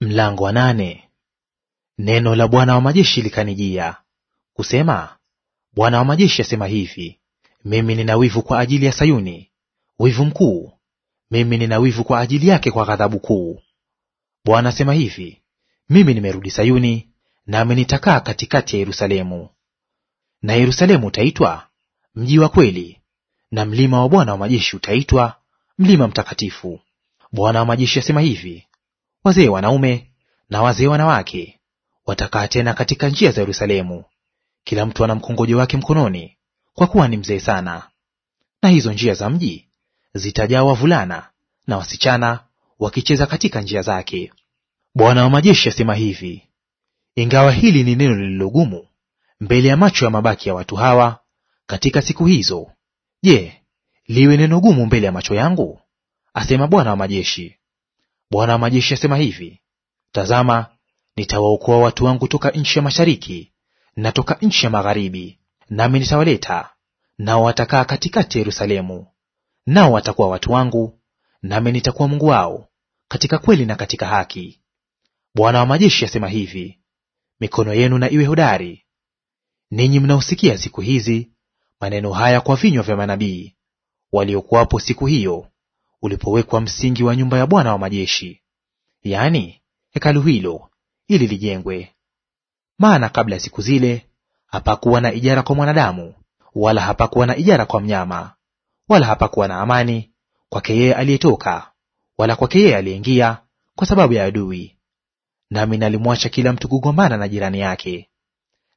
Mlango wa nane. Neno la Bwana wa majeshi likanijia kusema, Bwana wa majeshi asema hivi, mimi nina wivu kwa ajili ya Sayuni, wivu mkuu; mimi nina wivu kwa ajili yake kwa ghadhabu kuu. Bwana asema hivi, mimi nimerudi Sayuni, nami nitakaa katikati ya Yerusalemu. Na Yerusalemu utaitwa mji wa kweli, na mlima wa Bwana wa majeshi utaitwa mlima mtakatifu. Bwana wa majeshi asema hivi, wazee wanaume na wazee wanawake watakaa tena katika njia za Yerusalemu, kila mtu ana mkongojo wake mkononi, kwa kuwa ni mzee sana. Na hizo njia za mji zitajaa wavulana na wasichana wakicheza katika njia zake. Bwana wa majeshi asema hivi: ingawa hili ni neno lililogumu mbele ya macho ya mabaki ya watu hawa katika siku hizo, je, liwe neno gumu mbele ya macho yangu? asema Bwana wa majeshi. Bwana wa majeshi asema hivi, tazama, nitawaokoa watu wangu toka nchi ya mashariki na toka nchi ya magharibi, nami nitawaleta nao, watakaa katikati ya Yerusalemu. Nao watakuwa watu wangu, nami nitakuwa Mungu wao katika kweli na katika haki. Bwana wa majeshi asema hivi, mikono yenu na iwe hodari, ninyi mnaosikia siku hizi maneno haya kwa vinywa vya manabii waliokuwapo siku hiyo ulipowekwa msingi wa nyumba ya Bwana wa majeshi, yaani hekalu hilo, ili lijengwe. Maana kabla ya siku zile hapakuwa na ijara kwa mwanadamu, wala hapakuwa na ijara kwa mnyama, wala hapakuwa na amani kwake yeye aliyetoka, wala kwake yeye aliyeingia, kwa sababu ya adui. Nami nalimwacha kila mtu kugombana na jirani yake.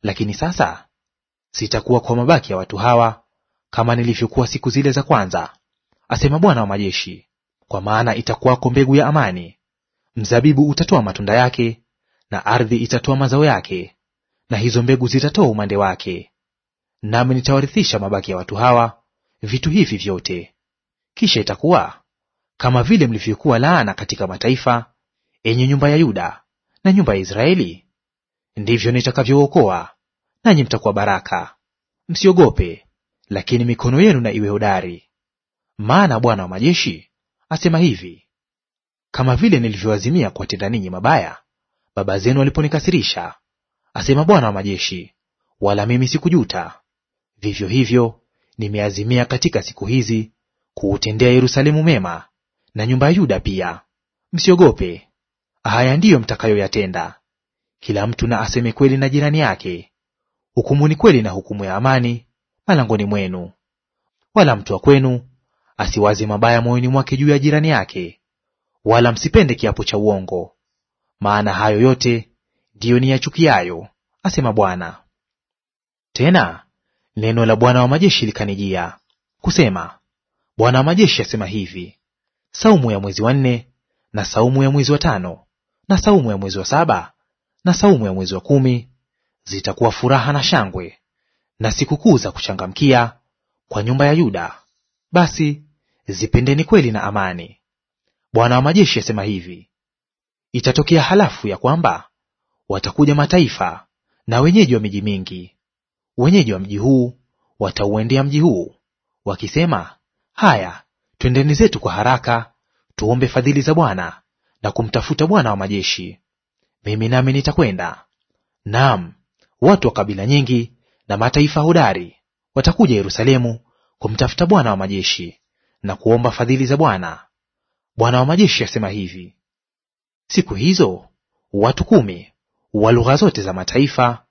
Lakini sasa sitakuwa kwa mabaki ya watu hawa kama nilivyokuwa siku zile za kwanza, asema Bwana wa majeshi, kwa maana itakuwako mbegu ya amani, mzabibu utatoa matunda yake, na ardhi itatoa mazao yake, na hizo mbegu zitatoa umande wake. Nami nitawarithisha mabaki ya watu hawa vitu hivi vyote. Kisha itakuwa kama vile mlivyokuwa laana katika mataifa, enye nyumba ya Yuda na nyumba ya Israeli, ndivyo nitakavyookoa, nanyi mtakuwa baraka. Msiogope, lakini mikono yenu na iwe hodari. Maana Bwana wa majeshi asema hivi, kama vile nilivyoazimia kuwatenda ninyi mabaya baba zenu waliponikasirisha, asema Bwana wa majeshi, wala mimi sikujuta, vivyo hivyo nimeazimia katika siku hizi kuutendea Yerusalemu mema na nyumba ya Yuda pia. Msiogope, haya ndiyo mtakayoyatenda. Kila mtu na aseme kweli na jirani yake, hukumu ni kweli na hukumu ya amani malangoni mwenu. Wala mtu wa kwenu asiwaze mabaya moyoni mwake juu ya jirani yake, wala msipende kiapo cha uongo, maana hayo yote ndiyo ni yachukiayo, asema Bwana. Tena neno la Bwana wa majeshi likanijia kusema, Bwana wa majeshi asema hivi, saumu ya mwezi wa nne na saumu ya mwezi wa tano na saumu ya mwezi wa saba na saumu ya mwezi wa kumi zitakuwa furaha na shangwe na sikukuu za kuchangamkia kwa nyumba ya Yuda. Basi zipendeni kweli na amani. Bwana wa majeshi asema hivi, itatokea halafu ya kwamba watakuja mataifa na wenyeji wa miji mingi, wenyeji wa mji huu watauendea mji huu wakisema, haya, twendeni zetu kwa haraka, tuombe fadhili za Bwana na kumtafuta Bwana wa majeshi. Mimi nami nitakwenda. Naam, watu wa kabila nyingi na mataifa hodari watakuja Yerusalemu kumtafuta Bwana wa majeshi na kuomba fadhili za Bwana. Bwana wa majeshi asema hivi: siku hizo watu kumi wa lugha zote za mataifa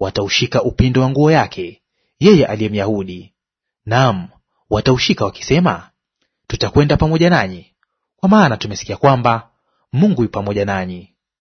wataushika upindo wa nguo yake yeye aliye Myahudi, naam, wataushika wakisema, tutakwenda pamoja nanyi, kwa maana tumesikia kwamba Mungu yu pamoja nanyi.